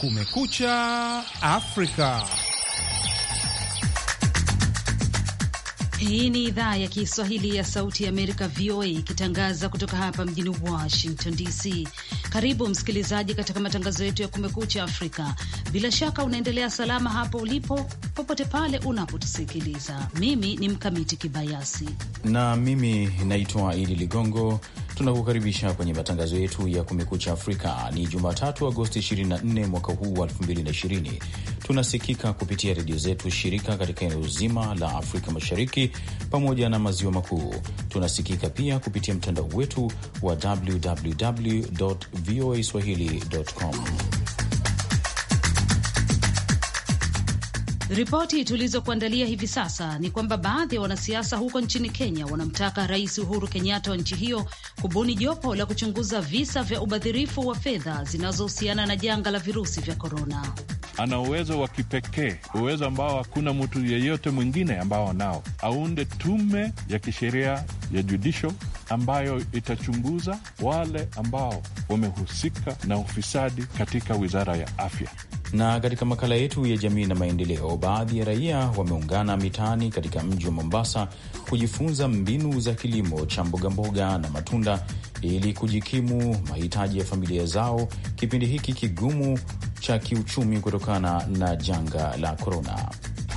Kumekucha Afrika. Hii ni idhaa ya Kiswahili ya Sauti ya Amerika, VOA, ikitangaza kutoka hapa mjini Washington DC. Karibu msikilizaji, katika matangazo yetu ya Kumekucha Afrika. Bila shaka unaendelea salama hapo ulipo, popote pale unapotusikiliza. Mimi ni Mkamiti Kibayasi na mimi naitwa Idi Ligongo Tunakukaribisha kwenye matangazo yetu ya Kumekucha Afrika. Ni Jumatatu, Agosti 24 mwaka huu wa 2020. Tunasikika kupitia redio zetu shirika katika eneo zima la Afrika Mashariki pamoja na maziwa makuu. Tunasikika pia kupitia mtandao wetu wa www voa swahili.com. Ripoti tulizokuandalia hivi sasa ni kwamba baadhi ya wanasiasa huko nchini Kenya wanamtaka Rais Uhuru Kenyatta wa nchi hiyo kubuni jopo la kuchunguza visa vya ubadhirifu wa fedha zinazohusiana na janga la virusi vya korona. Ana uwezo wa kipekee, uwezo ambao hakuna mtu yeyote mwingine ambao anao, aunde tume ya kisheria ya judisho ambayo itachunguza wale ambao wamehusika na ufisadi katika wizara ya afya. Na katika makala yetu ya jamii na maendeleo, baadhi ya raia wameungana mitaani katika mji wa Mombasa kujifunza mbinu za kilimo cha mbogamboga na matunda ili kujikimu mahitaji ya familia zao kipindi hiki kigumu cha kiuchumi kutokana na janga la korona.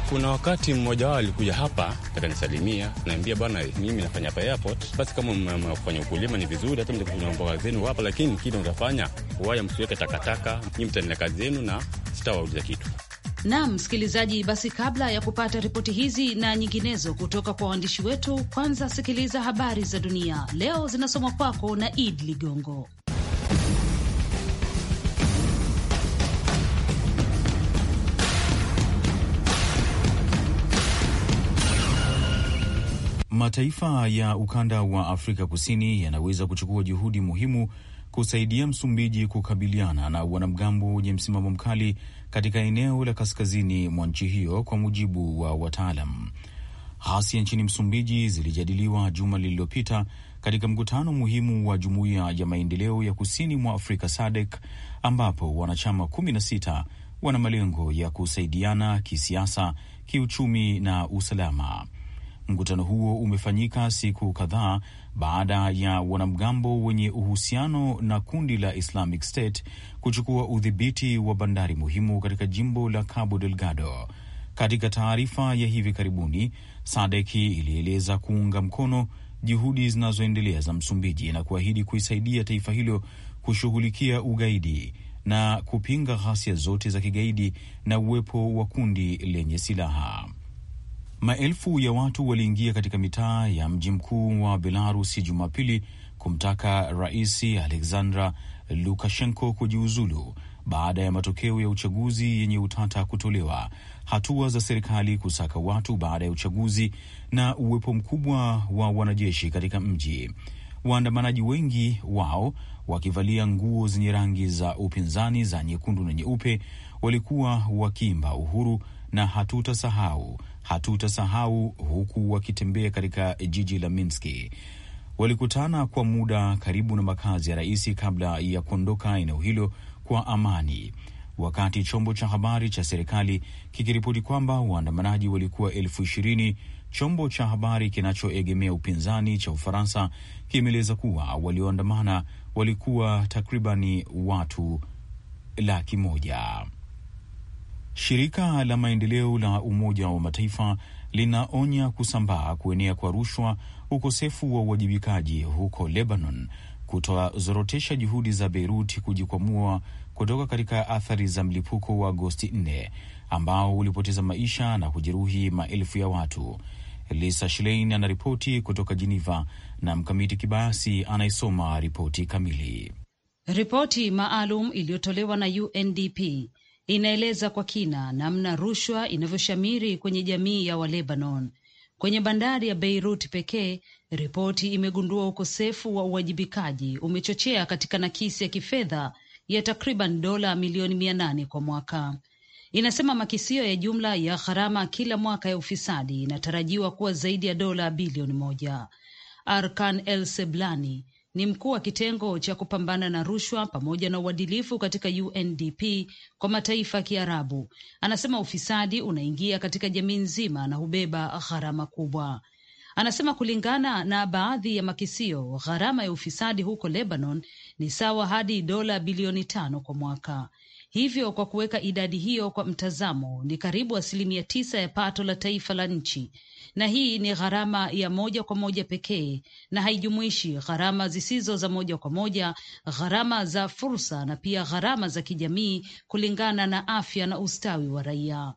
Kuna wakati mmoja wao alikuja hapa akanisalimia, naambia bwana, mimi nafanya hapa airport, basi kama mmefanya ukulima ni vizuri, hata mtakuna mboga zenu hapa, lakini kile mtafanya waya, msiweke takataka, nyi mtaendelea kazi zenu na sitawauliza kitu. Naam, msikilizaji, basi kabla ya kupata ripoti hizi na nyinginezo kutoka kwa waandishi wetu, kwanza sikiliza habari za dunia leo zinasomwa kwako na Id Ligongo. Mataifa ya ukanda wa Afrika Kusini yanaweza kuchukua juhudi muhimu kusaidia Msumbiji kukabiliana na wanamgambo wenye msimamo mkali katika eneo la kaskazini mwa nchi hiyo, kwa mujibu wa wataalam. Ghasia nchini Msumbiji zilijadiliwa juma lililopita katika mkutano muhimu wa Jumuiya ya Maendeleo ya Kusini mwa Afrika SADC ambapo wanachama 16 wana malengo ya kusaidiana kisiasa, kiuchumi na usalama. Mkutano huo umefanyika siku kadhaa baada ya wanamgambo wenye uhusiano na kundi la Islamic State kuchukua udhibiti wa bandari muhimu katika jimbo la Cabo Delgado. Katika taarifa ya hivi karibuni, Sadeki ilieleza kuunga mkono juhudi zinazoendelea za Msumbiji na kuahidi kuisaidia taifa hilo kushughulikia ugaidi na kupinga ghasia zote za kigaidi na uwepo wa kundi lenye silaha. Maelfu ya watu waliingia katika mitaa ya mji mkuu wa Belarusi Jumapili kumtaka Rais Alexandra Lukashenko kujiuzulu baada ya matokeo ya uchaguzi yenye utata kutolewa, hatua za serikali kusaka watu baada ya uchaguzi na uwepo mkubwa wa wanajeshi katika mji. Waandamanaji wengi wao wakivalia nguo zenye rangi za upinzani za nyekundu na nyeupe walikuwa wakiimba uhuru na hatutasahau hatutasahau, huku wakitembea katika jiji la Minski. Walikutana kwa muda karibu na makazi ya rais kabla ya kuondoka eneo hilo kwa amani, wakati chombo cha habari cha serikali kikiripoti kwamba waandamanaji walikuwa elfu ishirini. Chombo cha habari kinachoegemea upinzani cha Ufaransa kimeeleza kuwa walioandamana walikuwa takribani watu laki moja. Shirika la maendeleo la Umoja wa Mataifa linaonya kusambaa kuenea kwa rushwa, ukosefu wa uwajibikaji huko Lebanon kutozorotesha juhudi za Beirut kujikwamua kutoka katika athari za mlipuko wa Agosti 4 ambao ulipoteza maisha na kujeruhi maelfu ya watu. Lisa Schlein anaripoti kutoka Jeneva na Mkamiti Kibayasi anayesoma ripoti kamili. Ripoti maalum iliyotolewa na UNDP inaeleza kwa kina namna rushwa inavyoshamiri kwenye jamii ya Walebanon. Kwenye bandari ya Beirut pekee, ripoti imegundua ukosefu wa uwajibikaji umechochea katika nakisi ya kifedha ya takriban dola milioni mia nane kwa mwaka. Inasema makisio ya jumla ya gharama kila mwaka ya ufisadi inatarajiwa kuwa zaidi ya dola bilioni moja. Arkan El Seblani, ni mkuu wa kitengo cha kupambana na rushwa pamoja na uadilifu katika UNDP kwa mataifa ya Kiarabu, anasema ufisadi unaingia katika jamii nzima na hubeba gharama kubwa. Anasema kulingana na baadhi ya makisio, gharama ya ufisadi huko Lebanon ni sawa hadi dola bilioni tano kwa mwaka. Hivyo kwa kuweka idadi hiyo kwa mtazamo, ni karibu asilimia tisa ya pato la taifa la nchi, na hii ni gharama ya moja kwa moja pekee na haijumuishi gharama zisizo za moja kwa moja, gharama za fursa na pia gharama za kijamii kulingana na afya na ustawi wa raia.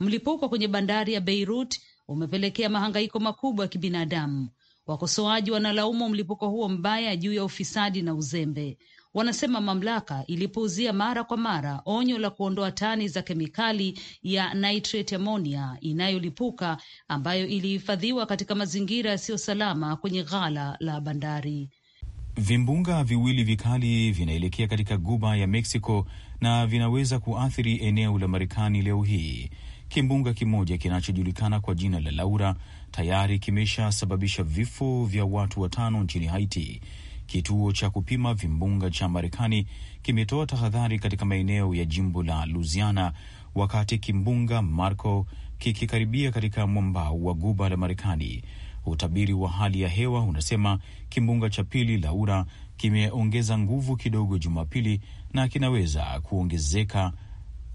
Mlipuko kwenye bandari ya Beirut umepelekea mahangaiko makubwa ya kibinadamu. Wakosoaji wanalaumu mlipuko huo mbaya juu ya ufisadi na uzembe wanasema mamlaka ilipuuzia mara kwa mara onyo la kuondoa tani za kemikali ya nitrate inayolipuka ambayo ilihifadhiwa katika mazingira yasiyo salama kwenye ghala la bandari. Vimbunga viwili vikali vinaelekea katika guba ya Mexico na vinaweza kuathiri eneo la Marekani leo hii. Kimbunga kimoja kinachojulikana kwa jina la Laura tayari kimeshasababisha vifo vya watu watano nchini Haiti Kituo cha kupima vimbunga cha Marekani kimetoa tahadhari katika maeneo ya jimbo la Louisiana wakati kimbunga Marco kikikaribia katika mwambao wa guba la Marekani. Utabiri wa hali ya hewa unasema kimbunga cha pili Laura kimeongeza nguvu kidogo Jumapili na kinaweza kuongezeka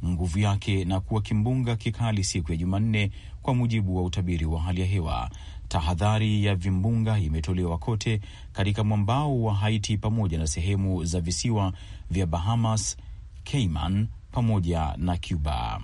nguvu yake na kuwa kimbunga kikali siku ya Jumanne, kwa mujibu wa utabiri wa hali ya hewa. Tahadhari ya vimbunga imetolewa kote katika mwambao wa Haiti pamoja na sehemu za visiwa vya Bahamas, Cayman pamoja na Cuba.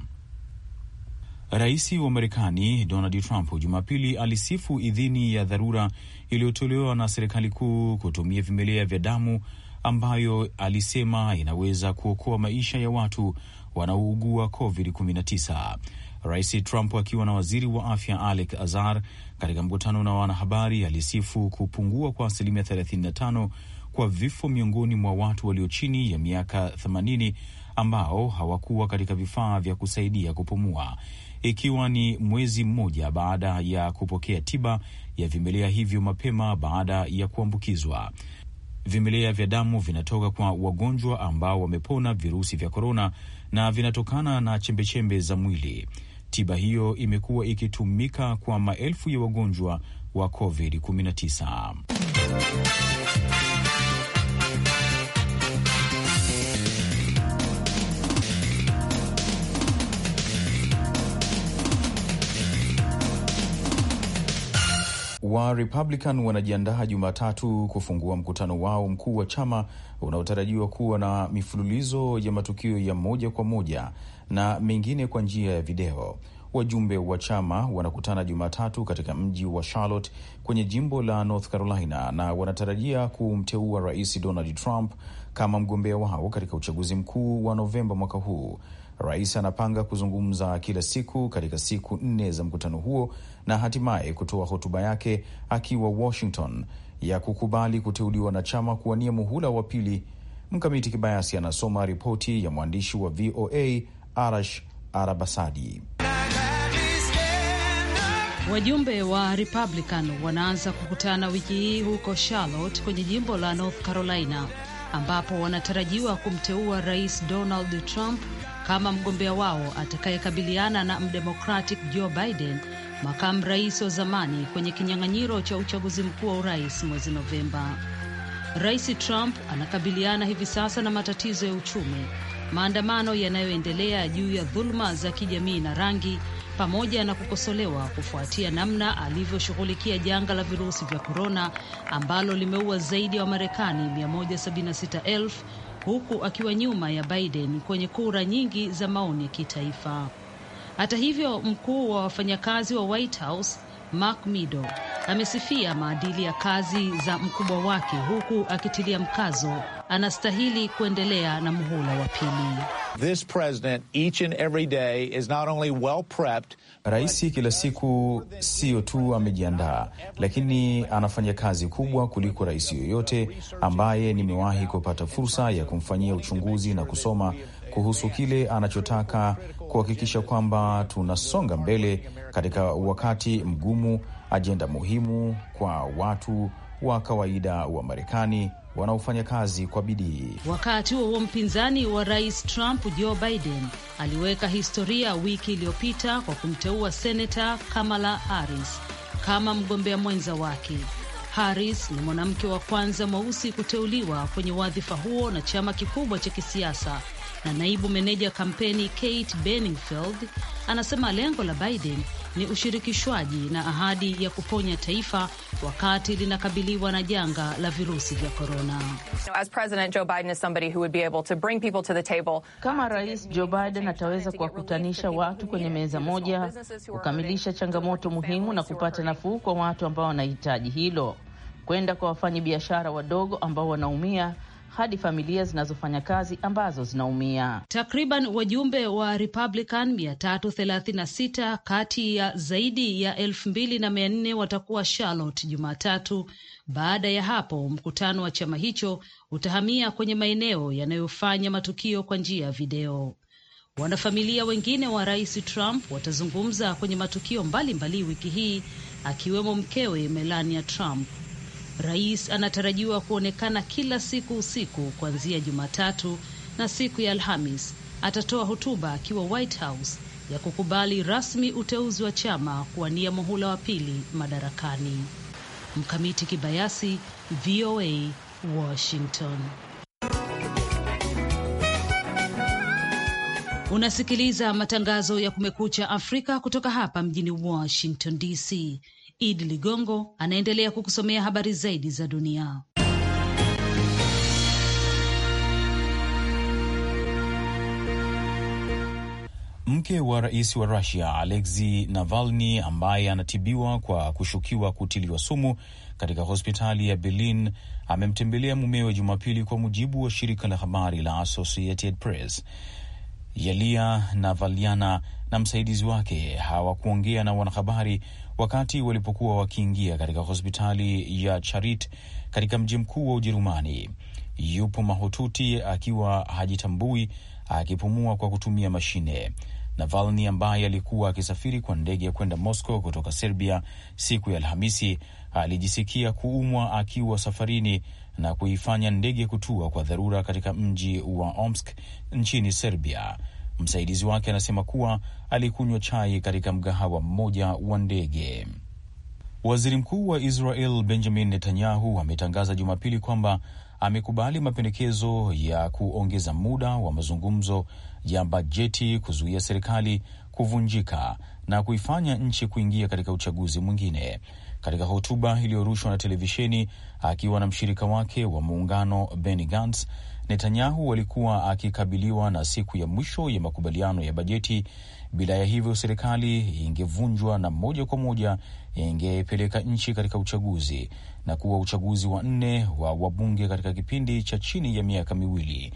Rais wa Marekani Donald Trump Jumapili alisifu idhini ya dharura iliyotolewa na serikali kuu kutumia vimelea vya damu ambayo alisema inaweza kuokoa maisha ya watu wanaougua COVID-19. Rais Trump akiwa na waziri wa afya Alek Azar katika mkutano na wanahabari alisifu kupungua kwa asilimia 35 kwa vifo miongoni mwa watu walio chini ya miaka 80 ambao hawakuwa katika vifaa vya kusaidia kupumua, ikiwa ni mwezi mmoja baada ya kupokea tiba ya vimelea hivyo mapema baada ya kuambukizwa. Vimelea vya damu vinatoka kwa wagonjwa ambao wamepona virusi vya korona na vinatokana na chembechembe za mwili. Tiba hiyo imekuwa ikitumika kwa maelfu ya wagonjwa wa COVID-19. wa Republican wanajiandaa Jumatatu kufungua mkutano wao mkuu wa chama unaotarajiwa kuwa na mifululizo ya matukio ya moja kwa moja na mengine kwa njia ya video. Wajumbe wa chama wanakutana Jumatatu katika mji wa Charlotte kwenye jimbo la North Carolina na wanatarajia kumteua Rais Donald Trump kama mgombea wao katika uchaguzi mkuu wa Novemba mwaka huu. Rais anapanga kuzungumza kila siku katika siku nne za mkutano huo na hatimaye kutoa hotuba yake akiwa Washington ya kukubali kuteuliwa na chama kuwania muhula wa pili. Mkamiti Kibayasi anasoma ripoti ya mwandishi wa VOA Arash Arabasadi. Wajumbe wa Republican wanaanza kukutana wiki hii huko Charlotte kwenye jimbo la North Carolina ambapo wanatarajiwa kumteua Rais Donald Trump kama mgombea wao atakayekabiliana na mdemokratic Joe Biden, makamu rais wa zamani, kwenye kinyang'anyiro cha uchaguzi mkuu wa urais mwezi Novemba. Rais Trump anakabiliana hivi sasa na matatizo ya uchumi, maandamano yanayoendelea juu ya dhuluma za kijamii na rangi, pamoja na kukosolewa kufuatia namna alivyoshughulikia janga la virusi vya korona ambalo limeua zaidi ya wa Wamarekani 176,000 huku akiwa nyuma ya Biden kwenye kura nyingi za maoni ya kitaifa. Hata hivyo, mkuu wa wafanyakazi wa White House Mark Mido amesifia maadili ya kazi za mkubwa wake huku akitilia mkazo anastahili kuendelea na muhula wa pili. This president each and every day is not only well prepped. Raisi kila siku sio tu amejiandaa, lakini anafanya kazi kubwa kuliko rais yoyote ambaye nimewahi kupata fursa ya kumfanyia uchunguzi na kusoma kuhusu kile anachotaka kuhakikisha kwamba tunasonga mbele katika wakati mgumu, ajenda muhimu kwa watu wa kawaida wa Marekani wanaofanya kazi kwa bidii. Wakati huo mpinzani wa rais Trump Joe Biden aliweka historia wiki iliyopita kwa kumteua senata Kamala Harris kama mgombea mwenza wake. Harris ni mwanamke wa kwanza mweusi kuteuliwa kwenye wadhifa huo na chama kikubwa cha kisiasa na naibu meneja kampeni Kate Benningfield anasema lengo la Biden ni ushirikishwaji na ahadi ya kuponya taifa wakati linakabiliwa na janga la virusi vya korona. Kama Rais Joe Biden uh, ataweza kuwakutanisha watu kwenye meza moja, kukamilisha changamoto muhimu na kupata nafuu kwa watu ambao wanahitaji hilo, kwenda kwa wafanyabiashara wadogo ambao wanaumia hadi familia zinazofanya kazi ambazo zinaumia. Takriban wajumbe wa Republican 336 kati ya zaidi ya elfu na watakuwa Charlotte Jumatatu. Baada ya hapo mkutano wa chama hicho utahamia kwenye maeneo yanayofanya matukio kwa njia ya video. Wanafamilia wengine wa rais Trump watazungumza kwenye matukio mbalimbali mbali wiki hii, akiwemo mkewe Melania Trump. Rais anatarajiwa kuonekana kila siku usiku kuanzia Jumatatu na siku ya Alhamis atatoa hotuba akiwa White House ya kukubali rasmi uteuzi wa chama kuwania muhula wa pili madarakani. Mkamiti Kibayasi, VOA, Washington. Unasikiliza matangazo ya Kumekucha Afrika kutoka hapa mjini Washington DC. Idi Ligongo anaendelea kukusomea habari zaidi za dunia. Mke wa rais wa Rusia Alexi Navalny ambaye anatibiwa kwa kushukiwa kutiliwa sumu katika hospitali ya Berlin amemtembelea mumewe Jumapili, kwa mujibu wa shirika la habari la Associated Press. Yalia Navalyana na msaidizi wake hawakuongea na wanahabari wakati walipokuwa wakiingia katika hospitali ya Charite katika mji mkuu wa Ujerumani. Yupo mahututi akiwa hajitambui, akipumua kwa kutumia mashine. Navalny ambaye alikuwa akisafiri kwa ndege ya kwenda Moscow kutoka Serbia siku ya Alhamisi alijisikia kuumwa akiwa safarini na kuifanya ndege kutua kwa dharura katika mji wa Omsk nchini Serbia. Msaidizi wake anasema kuwa alikunywa chai katika mgahawa mmoja wa ndege. Waziri Mkuu wa Israel Benjamin Netanyahu ametangaza Jumapili kwamba amekubali mapendekezo ya kuongeza muda wa mazungumzo ya bajeti kuzuia serikali kuvunjika na kuifanya nchi kuingia katika uchaguzi mwingine. Katika hotuba iliyorushwa na televisheni akiwa na mshirika wake wa muungano Benny Gantz, Netanyahu alikuwa akikabiliwa na siku ya mwisho ya makubaliano ya bajeti. Bila ya hivyo, serikali ingevunjwa na moja kwa moja ingepeleka nchi katika uchaguzi na kuwa uchaguzi wa nne wa wabunge katika kipindi cha chini ya miaka miwili.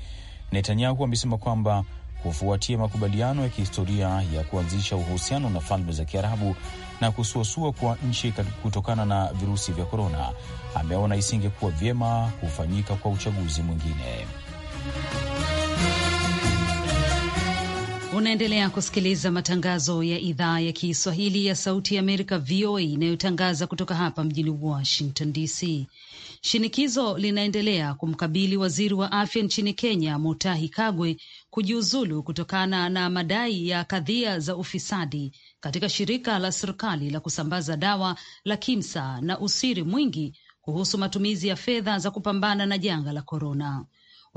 Netanyahu amesema kwamba kufuatia makubaliano ya kihistoria ya kuanzisha uhusiano na Falme za Kiarabu na kusuasua kwa nchi kutokana na virusi vya korona, ameona isingekuwa vyema kufanyika kwa uchaguzi mwingine. Unaendelea kusikiliza matangazo ya idhaa ya Kiswahili ya Sauti ya Amerika, VOA, inayotangaza kutoka hapa mjini Washington DC. Shinikizo linaendelea kumkabili waziri wa afya nchini Kenya, Mutahi Kagwe, kujiuzulu kutokana na madai ya kadhia za ufisadi katika shirika la serikali la kusambaza dawa la KIMSA na usiri mwingi kuhusu matumizi ya fedha za kupambana na janga la korona.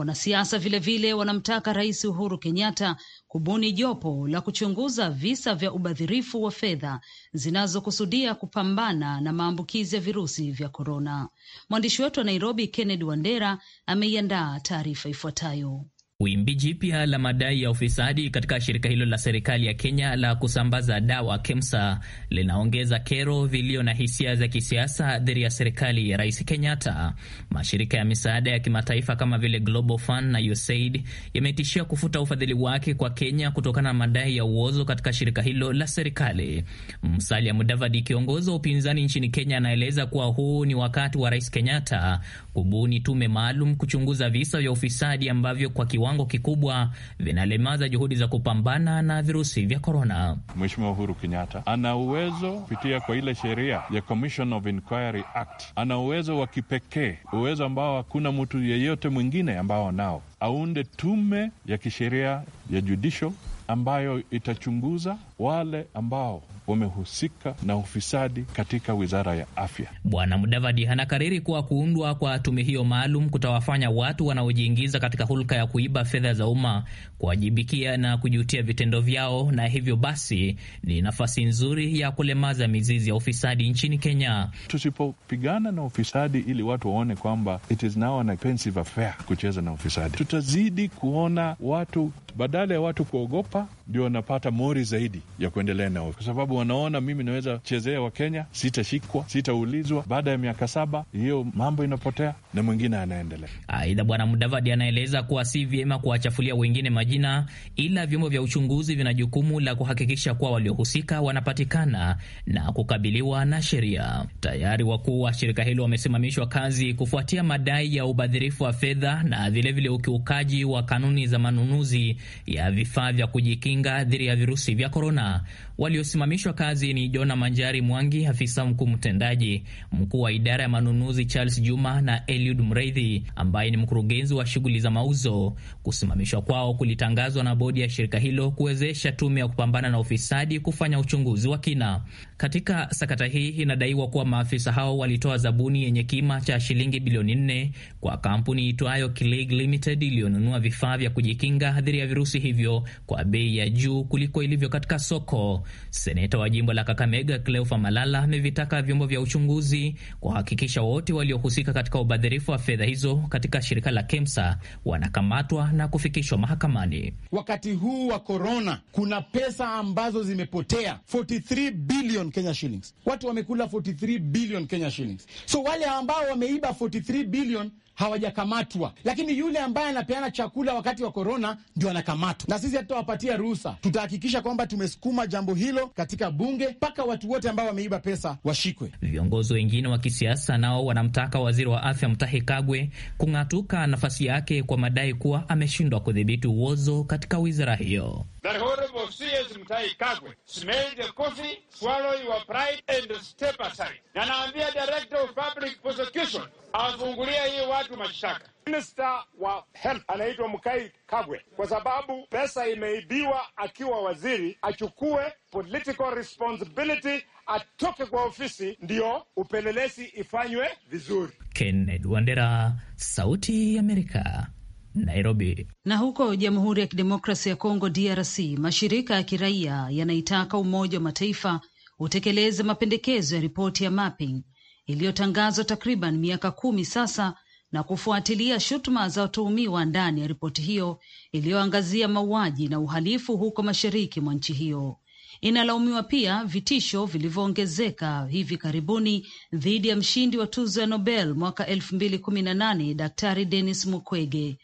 Wanasiasa vilevile wanamtaka Rais Uhuru Kenyatta kubuni jopo la kuchunguza visa vya ubadhirifu wa fedha zinazokusudia kupambana na maambukizi ya virusi vya korona. Mwandishi wetu wa Nairobi, Kennedy Wandera, ameiandaa taarifa ifuatayo. Wimbi jipya la madai ya ufisadi katika shirika hilo la serikali ya Kenya la kusambaza dawa KEMSA linaongeza kero, vilio na hisia za kisiasa dhidi ya serikali ya Rais Kenyatta. Mashirika ya misaada ya kimataifa kama vile Global Fund na USAID yametishia kufuta ufadhili wake kwa Kenya kutokana na madai ya uozo katika shirika hilo la serikali. Musalia Mudavadi, kiongozi wa upinzani nchini Kenya, anaeleza kuwa huu ni wakati wa Rais Kenyatta kubuni tume maalum kuchunguza visa vya ufisadi ambavyo kwa kiwango kiwango kikubwa vinalemaza juhudi za kupambana na virusi vya korona. Mheshimiwa Uhuru Kenyatta ana uwezo kupitia kwa ile sheria ya Commission of Inquiry Act, ana uwezo wa kipekee, uwezo ambao hakuna mtu yeyote mwingine ambao nao, aunde tume ya kisheria ya judicial ambayo itachunguza wale ambao wamehusika na ufisadi katika wizara ya afya. Bwana Mudavadi anakariri kuwa kuundwa kwa tume hiyo maalum kutawafanya watu wanaojiingiza katika hulka ya kuiba fedha za umma kuwajibikia na kujutia vitendo vyao, na hivyo basi ni nafasi nzuri ya kulemaza mizizi ya ufisadi nchini Kenya. Tusipopigana na ufisadi ili watu waone kwamba it is now an expensive affair kucheza na ufisadi, tutazidi kuona watu badala ya watu kuogopa ndio wanapata mori zaidi ya kuendelea nao, kwa sababu wanaona mimi naweza chezea Wakenya, sitashikwa, sitaulizwa. Baada ya miaka saba hiyo mambo inapotea na mwingine anaendelea. Aidha, Bwana Mudavadi anaeleza kuwa si vyema kuwachafulia wengine majina, ila vyombo vya uchunguzi vina jukumu la kuhakikisha kuwa waliohusika wanapatikana na kukabiliwa na sheria. Tayari wakuu wa shirika hilo wamesimamishwa kazi kufuatia madai ya ubadhirifu wa fedha na vilevile ukiukaji wa kanuni za manunuzi ya vifaa vya kujikinga dhidi ya virusi vya korona vijana. Waliosimamishwa kazi ni Jona Manjari Mwangi, afisa mkuu mtendaji, mkuu wa idara ya manunuzi Charles Juma na Eliud Mreithi ambaye ni mkurugenzi wa shughuli za mauzo. Kusimamishwa kwao kulitangazwa na bodi ya shirika hilo kuwezesha tume ya kupambana na ufisadi kufanya uchunguzi wa kina katika sakata hii. Inadaiwa kuwa maafisa hao walitoa zabuni yenye kima cha shilingi bilioni nne kwa kampuni itwayo Kilig Limited iliyonunua vifaa vya kujikinga dhidi ya virusi hivyo kwa bei ya juu kuliko ilivyo katika Soko. Seneta wa jimbo la Kakamega Cleofa Malala amevitaka vyombo vya uchunguzi kuhakikisha wote waliohusika katika ubadhirifu wa fedha hizo katika shirika la KEMSA wanakamatwa na kufikishwa mahakamani. Wakati huu wa korona, kuna pesa ambazo zimepotea 43 billion Kenya shillings. Watu wamekula 43 billion Kenya shillings. So wale ambao wameiba 43 billion hawajakamatwa, lakini yule ambaye anapeana chakula wakati wa korona ndio anakamatwa, na sisi hatutawapatia ruhusa. Tutahakikisha kwamba tumesukuma jambo hilo katika bunge mpaka watu wote ambao wameiba pesa washikwe. Viongozi wengine wa kisiasa nao wanamtaka waziri wa afya Mutahi Kagwe kung'atuka nafasi yake kwa madai kuwa ameshindwa kudhibiti uozo katika wizara hiyo that Honorable C.S. Mtai Kagwe smell the coffee, swallow your pride and step aside. Na naambia Director of Public Prosecution awafungulia hii watu mashtaka. Minister wa health anaitwa Mukai Kagwe kwa sababu pesa imeibiwa akiwa waziri, achukue political responsibility, atoke kwa ofisi, ndio upelelezi ifanywe vizuri. Kenneth Wandera, Sauti ya Amerika, Nairobi. Na huko Jamhuri ya Kidemokrasi ya Kongo DRC, mashirika ya kiraia yanaitaka Umoja wa Mataifa utekeleze mapendekezo ya ripoti ya mapping iliyotangazwa takriban miaka kumi sasa na kufuatilia shutuma za watuhumiwa ndani ya ripoti hiyo iliyoangazia mauaji na uhalifu huko mashariki mwa nchi hiyo. Inalaumiwa pia vitisho vilivyoongezeka hivi karibuni dhidi ya mshindi wa tuzo ya Nobel mwaka elfu mbili kumi na nane Daktari Denis Mukwege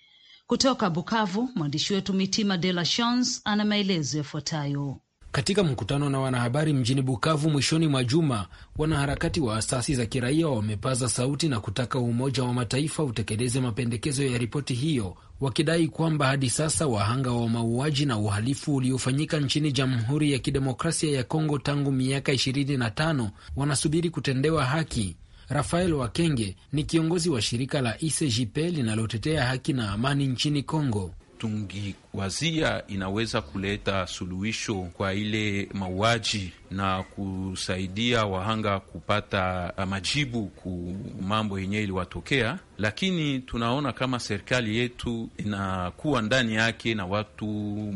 kutoka Bukavu, mwandishi wetu Mitima De La Chans ana maelezo yafuatayo. Katika mkutano na wanahabari mjini Bukavu mwishoni mwa juma, wanaharakati wa asasi za kiraia wamepaza sauti na kutaka Umoja wa Mataifa utekeleze mapendekezo ya ripoti hiyo, wakidai kwamba hadi sasa wahanga wa mauaji na uhalifu uliofanyika nchini Jamhuri ya Kidemokrasia ya Kongo tangu miaka 25 wanasubiri kutendewa haki. Rafael Wakenge ni kiongozi wa shirika la ICJP linalotetea haki na amani nchini Kongo. Tungiwazia inaweza kuleta suluhisho kwa ile mauaji na kusaidia wahanga kupata majibu ku mambo yenyewe iliwatokea, lakini tunaona kama serikali yetu inakuwa ndani yake na watu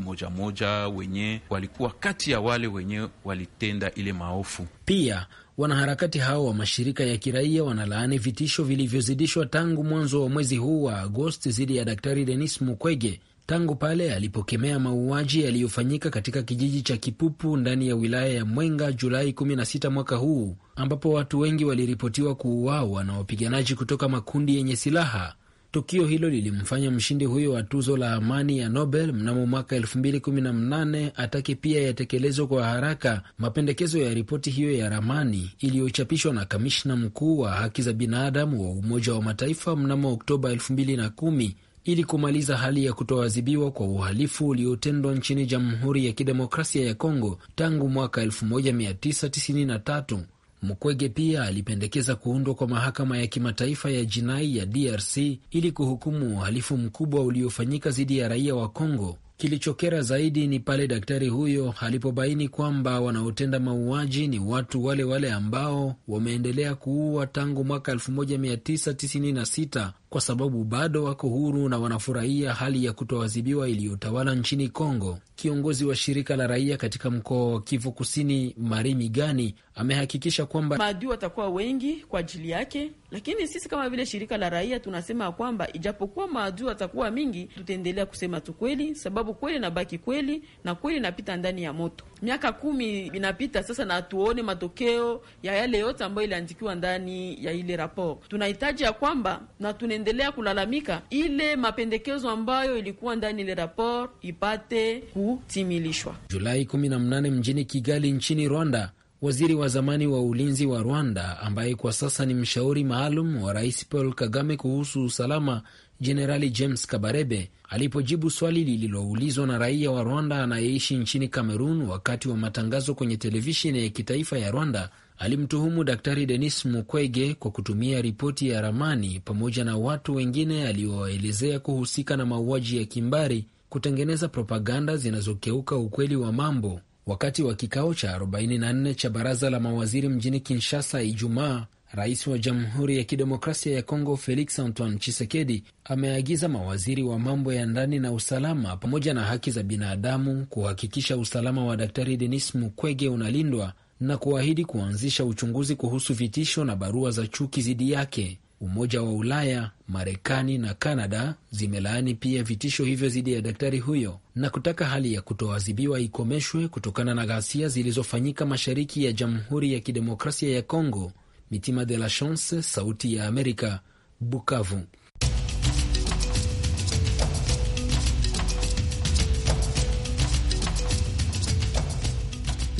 moja moja wenye walikuwa kati ya wale wenye walitenda ile maofu. Pia Wanaharakati hao wa mashirika ya kiraia wanalaani vitisho vilivyozidishwa tangu mwanzo wa mwezi huu wa Agosti dhidi ya Daktari Denis Mukwege tangu pale alipokemea mauaji yaliyofanyika katika kijiji cha Kipupu ndani ya wilaya ya Mwenga Julai 16 mwaka huu, ambapo watu wengi waliripotiwa kuuawa na wapiganaji kutoka makundi yenye silaha. Tukio hilo lilimfanya mshindi huyo wa tuzo la amani ya Nobel mnamo mwaka 2018 atake pia yatekelezwe kwa haraka mapendekezo ya ripoti hiyo ya ramani iliyochapishwa na kamishna mkuu wa haki za binadamu wa Umoja wa Mataifa mnamo Oktoba 2010 ili kumaliza hali ya kutoadhibiwa kwa uhalifu uliotendwa nchini Jamhuri ya Kidemokrasia ya Kongo tangu mwaka 1993 Mukwege pia alipendekeza kuundwa kwa mahakama ya kimataifa ya jinai ya DRC ili kuhukumu uhalifu mkubwa uliofanyika dhidi ya raia wa Kongo. Kilichokera zaidi ni pale daktari huyo alipobaini kwamba wanaotenda mauaji ni watu wale wale ambao wameendelea kuua tangu mwaka 1996 kwa sababu bado wako huru na wanafurahia hali ya kutoadhibiwa iliyotawala nchini Kongo. Kiongozi wa shirika la raia katika mkoa wa Kivu Kusini, Marimi Gani, amehakikisha kwamba maadui watakuwa wengi kwa ajili yake, lakini sisi kama vile shirika la raia tunasema kwamba ijapokuwa maadui watakuwa mingi, tutaendelea kusema tu kweli, sababu kweli nabaki kweli na kweli inapita ndani ya moto. Miaka kumi inapita sasa, na tuone matokeo ya yale yote ambayo iliandikiwa ndani ya ile rapor. Tunahitaji ya kwamba na tuna tunaendelea kulalamika ile mapendekezo ambayo ilikuwa ndani ile rapor ipate kutimilishwa. Julai 18 mjini Kigali nchini Rwanda, waziri wa zamani wa ulinzi wa Rwanda ambaye kwa sasa ni mshauri maalum wa rais Paul Kagame kuhusu usalama Jenerali James Kabarebe alipojibu swali lililoulizwa na raia wa Rwanda anayeishi nchini Kamerun wakati wa matangazo kwenye televisheni ya kitaifa ya Rwanda alimtuhumu Daktari Denis Mukwege kwa kutumia ripoti ya ramani pamoja na watu wengine aliowaelezea kuhusika na mauaji ya kimbari kutengeneza propaganda zinazokeuka ukweli wa mambo. Wakati wa kikao cha 44 cha baraza la mawaziri mjini Kinshasa Ijumaa, Rais wa Jamhuri ya Kidemokrasia ya Kongo Felix Antoine chisekedi ameagiza mawaziri wa mambo ya ndani na usalama pamoja na haki za binadamu kuhakikisha usalama wa Daktari Denis Mukwege unalindwa na kuahidi kuanzisha uchunguzi kuhusu vitisho na barua za chuki dhidi yake. Umoja wa Ulaya, Marekani na Kanada zimelaani pia vitisho hivyo dhidi ya daktari huyo na kutaka hali ya kutoadhibiwa ikomeshwe kutokana na ghasia zilizofanyika mashariki ya Jamhuri ya Kidemokrasia ya Kongo. Mitima de la Chance, Sauti ya Amerika, Bukavu.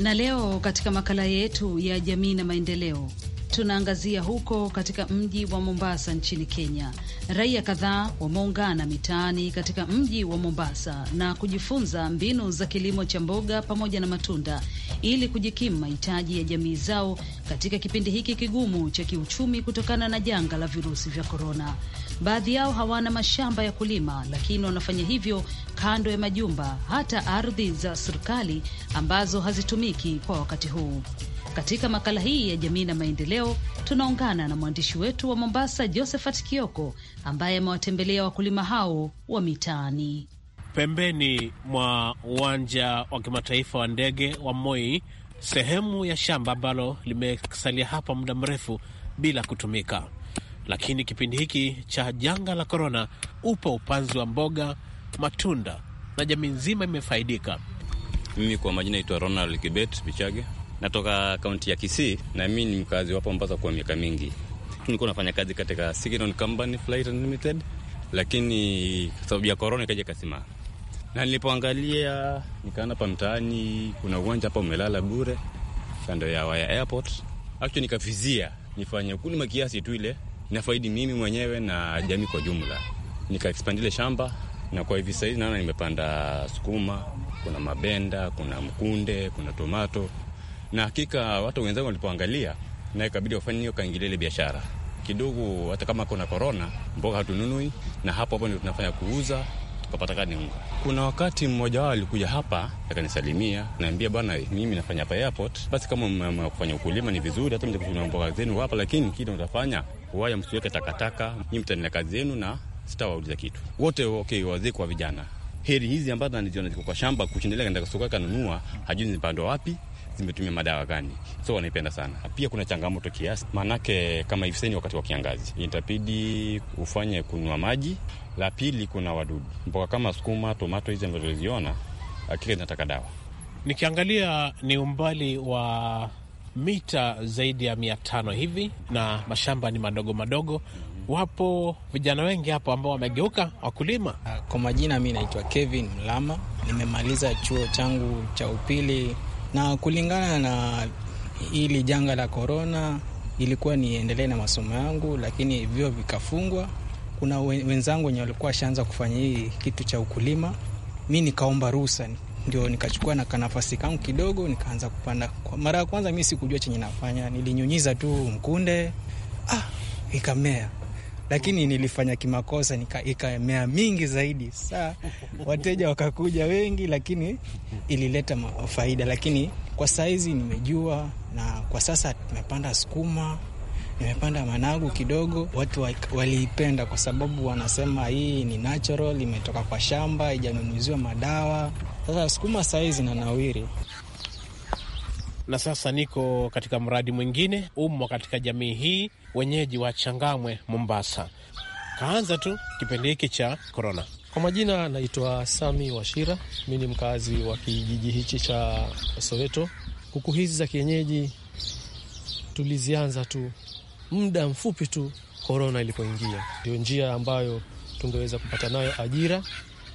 Na leo katika makala yetu ya jamii na maendeleo tunaangazia huko katika mji wa Mombasa nchini Kenya. Raia kadhaa wameungana mitaani katika mji wa Mombasa na kujifunza mbinu za kilimo cha mboga pamoja na matunda ili kujikimu mahitaji ya jamii zao katika kipindi hiki kigumu cha kiuchumi kutokana na janga la virusi vya korona. Baadhi yao hawana mashamba ya kulima, lakini wanafanya hivyo kando ya majumba, hata ardhi za serikali ambazo hazitumiki kwa wakati huu. Katika makala hii ya jamii na maendeleo, tunaungana na mwandishi wetu wa Mombasa, Josephat Kioko, ambaye amewatembelea wakulima hao wa mitaani. Pembeni mwa uwanja wa kimataifa wa ndege wa Moi, sehemu ya shamba ambalo limesalia hapa muda mrefu bila kutumika lakini kipindi hiki cha janga la korona, upo upanzi wa mboga, matunda na jamii nzima imefaidika. Mimi kwa majina naitwa Ronald Kibet Bichage, natoka kaunti ya Kisii na mimi ni mkazi wapo Mombasa kwa miaka mingi. Nilikuwa nafanya kazi katika Signal Company Flight Unlimited, lakini kwa sababu ya korona ikaja kasima, na nilipoangalia nikaona hapa mtaani kuna uwanja hapa umelala bure kando ya Waya Airport, acho nikavizia nifanye ukulima kiasi tu ile nafaidi mimi mwenyewe na jamii kwa jumla. Nika expand ile shamba na kwa hivi sahizi naona nimepanda sukuma, kuna mabenda, kuna mkunde, kuna tomato, na hakika watu wenzangu walipoangalia, na ikabidi wafanye hiyo kaingilile biashara kidogo. Hata kama kuna korona, mboga hatununui, na hapo hapo ndio tunafanya kuuza tukapata kani unga. Kuna wakati mmoja wao alikuja hapa akanisalimia, naambia bwana, mimi nafanya hapa airport, basi kama mmekufanya ukulima ni vizuri, hata mje kuchuna mboga zenu hapa, lakini kile utafanya waya, msiweke takataka, nyi mtaendelea kazi yenu na sitawauliza kitu wote. Okay, wazee kwa vijana, heri hizi ambazo anaziona ziko kwa shamba kushindelea kaenda sokoni kanunua, hajui zimepandwa wapi, zimetumia madawa gani, so wanaipenda sana. Pia kuna changamoto kiasi, maanake kama hivi sasa wakati wa kiangazi itabidi ufanye kunywa maji. La pili, kuna wadudu, mboga kama sukuma, tomato hizi ambazo uliziona, hakika zinataka dawa. Nikiangalia ni umbali wa mita zaidi ya mia tano hivi, na mashamba ni madogo madogo. Wapo vijana wengi hapo ambao wamegeuka wakulima. Kwa majina, mi naitwa Kevin Mlama, nimemaliza chuo changu cha upili, na kulingana na hili janga la korona, ilikuwa niendelee na masomo yangu, lakini vyuo vikafungwa. Kuna wenzangu wenye walikuwa washaanza kufanya hii kitu cha ukulima, mi nikaomba ruhusa ndio nikachukua na kanafasi kangu kidogo, nikaanza kupanda. Kwa mara ya kwanza mi sikujua chenye nafanya, nilinyunyiza tu mkunde, ah, ikamea lakini nilifanya kimakosa, ikamea mingi zaidi. Saa wateja wakakuja wengi, lakini ilileta faida. Lakini kwa saizi nimejua, na kwa sasa tumepanda sukuma, nimepanda managu kidogo. Watu waliipenda kwa sababu wanasema hii ni natural, imetoka kwa shamba, ijanunuziwa madawa. Sasa sukuma sahizi nawiri na sasa niko katika mradi mwingine umo katika jamii hii, wenyeji wa Changamwe, Mombasa. Kaanza tu kipindi hiki cha korona. Kwa majina naitwa Sami Washira, mi ni mkazi wa kijiji hichi cha Soweto. Kuku hizi za kienyeji tulizianza tu muda mfupi tu korona ilipoingia, ndio njia ambayo tungeweza kupata nayo ajira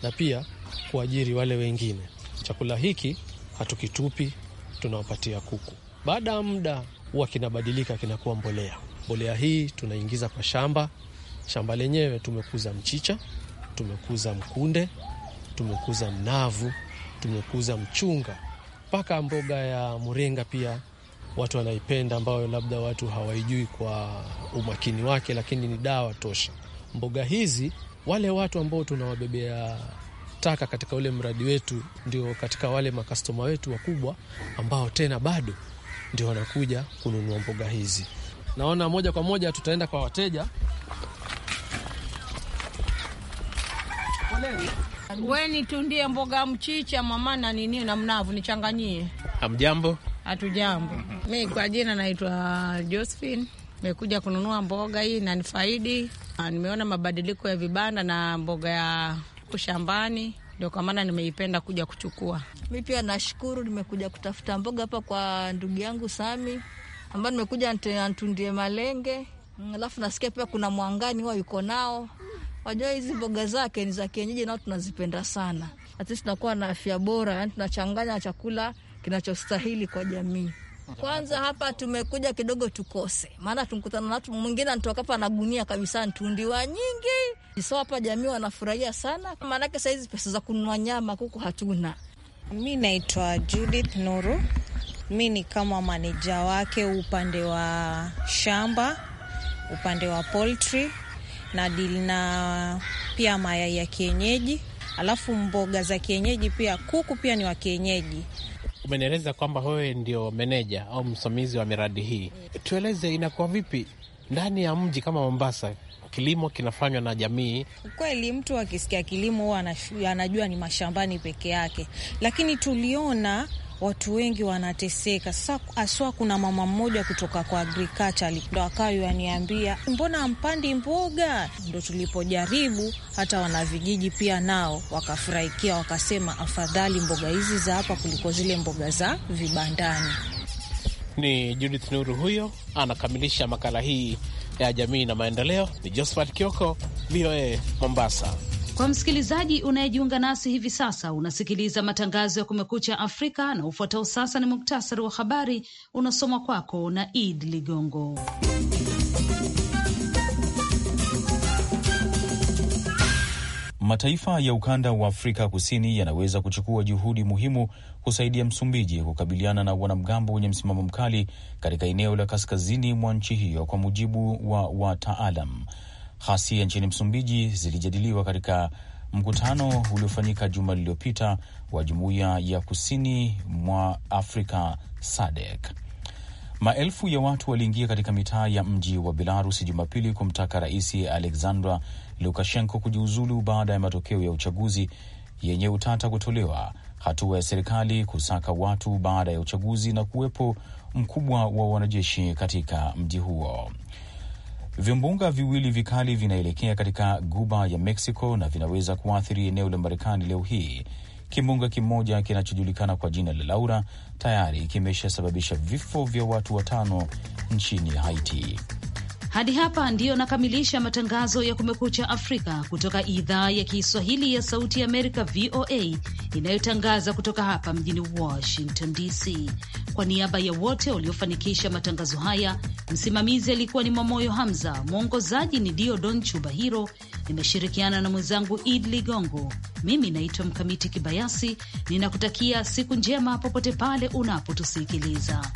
na pia kuajiri wale wengine. Chakula hiki hatukitupi, tunawapatia kuku. Baada ya muda huwa kinabadilika, kinakuwa mbolea. Mbolea hii tunaingiza kwa shamba. Shamba lenyewe tumekuza mchicha, tumekuza mkunde, tumekuza mnavu, tumekuza mchunga, mpaka mboga ya mrenga pia watu wanaipenda, ambayo labda watu hawaijui kwa umakini wake, lakini ni dawa tosha. Mboga hizi wale watu ambao tunawabebea tunataka katika ule mradi wetu, ndio katika wale makastoma wetu wakubwa ambao tena bado ndio wanakuja kununua mboga hizi. Naona moja kwa moja tutaenda kwa wateja. We nitundie mboga mchicha mama na nini na mnavu nichanganyie. Hamjambo? Hatujambo. Mm-hmm. Mi kwa jina naitwa Josephine, mekuja kununua mboga hii nanifaidi ah, Nimeona mabadiliko ya vibanda na mboga ya shambani, ndio kwa maana nimeipenda kuja kuchukua. Mi pia nashukuru, nimekuja kutafuta mboga hapa kwa ndugu yangu Sami ambayo nimekuja antundie malenge, mm, alafu nasikia pia kuna mwangani huwa yuko nao. Wajua hizi mboga zake ni za kienyeji, nao tunazipenda sana, na tunakuwa na afya bora, yani tunachanganya chakula kinachostahili kwa jamii. Kwanza hapa tumekuja kidogo tukose, maana tumkutana na watu mwingine anatoka hapa na gunia kabisa ntundiwa nyingi So hapa jamii wanafurahia sana, maanake sahizi pesa za kununua nyama kuku hatuna. Mi naitwa Judith Nuru, mi ni kama maneja wake upande wa shamba, upande wa poultry na deal na pia mayai ya kienyeji, alafu mboga za kienyeji pia, kuku pia ni wa kienyeji. Umenieleza kwamba wewe ndio meneja au msimamizi wa miradi hii, tueleze inakuwa vipi ndani ya mji kama Mombasa? kilimo kinafanywa na jamii. Kweli mtu akisikia kilimo huwa anajua ni mashambani peke yake, lakini tuliona watu wengi wanateseka sasa. Aswa, kuna mama mmoja kutoka kwa agriculture ndo akawa yaniambia, mbona mpandi mboga? Ndo tulipojaribu hata wanavijiji pia nao wakafurahikia, wakasema afadhali mboga hizi za hapa kuliko zile mboga za vibandani. Ni Judith Nuru huyo anakamilisha makala hii ya jamii na maendeleo. Ni Josephat Kioko, VOA Mombasa. Kwa msikilizaji unayejiunga nasi hivi sasa, unasikiliza matangazo ya Kumekucha Afrika na ufuatao sasa ni muktasari wa habari unasomwa kwako na Id Ligongo. Mataifa ya ukanda wa Afrika Kusini yanaweza kuchukua juhudi muhimu kusaidia Msumbiji kukabiliana na wanamgambo wenye msimamo mkali katika eneo la kaskazini mwa nchi hiyo, kwa mujibu wa wataalam. Ghasia nchini Msumbiji zilijadiliwa katika mkutano uliofanyika juma lililopita wa Jumuiya ya Kusini mwa Afrika SADC. Maelfu ya watu waliingia katika mitaa ya mji wa Belarus Jumapili kumtaka Rais Alexandra Lukashenko kujiuzulu baada ya matokeo ya uchaguzi yenye utata kutolewa, hatua ya serikali kusaka watu baada ya uchaguzi na kuwepo mkubwa wa wanajeshi katika mji huo. Vimbunga viwili vikali vinaelekea katika guba ya Mexico na vinaweza kuathiri eneo la Marekani leo hii. Kimbunga kimoja kinachojulikana kwa jina la Laura tayari kimeshasababisha vifo vya watu watano nchini Haiti. Hadi hapa ndiyo nakamilisha matangazo ya Kumekucha Afrika kutoka idhaa ya Kiswahili ya Sauti ya Amerika, VOA, inayotangaza kutoka hapa mjini Washington DC. Kwa niaba ya wote waliofanikisha matangazo haya, msimamizi alikuwa ni Mwamoyo Hamza, mwongozaji ni dio Don Chubahiro. Nimeshirikiana na mwenzangu Id Ligongo. Mimi naitwa Mkamiti Kibayasi, ninakutakia siku njema popote pale unapotusikiliza.